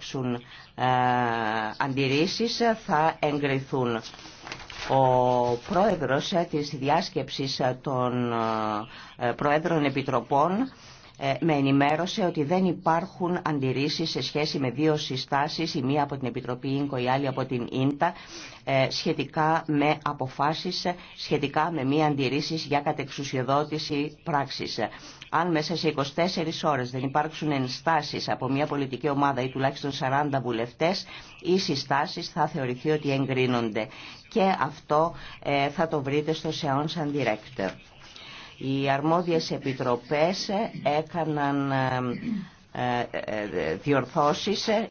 υπάρξουν ε, αντιρρήσεις θα εγκριθούν. Ο πρόεδρος της διάσκεψης των ε, πρόεδρων επιτροπών ε, με ενημέρωσε ότι δεν υπάρχουν αντιρρήσεις σε σχέση με δύο συστάσεις, η μία από την Επιτροπή Ίνκο, η άλλη από την Ίντα, ε, σχετικά με αποφάσεις, ε, σχετικά με μία αντιρρήσει για κατεξουσιοδότηση πράξης. Αν μέσα σε 24 ώρες δεν υπάρξουν ενστάσεις από μια πολιτική ομάδα ή τουλάχιστον 40 βουλευτές, οι συστάσεις θα θεωρηθεί ότι εγκρίνονται. Και αυτό θα το βρείτε στο Seance and Director. Οι αρμόδιες επιτροπές έκαναν ε, ε, ε, διορθώσεις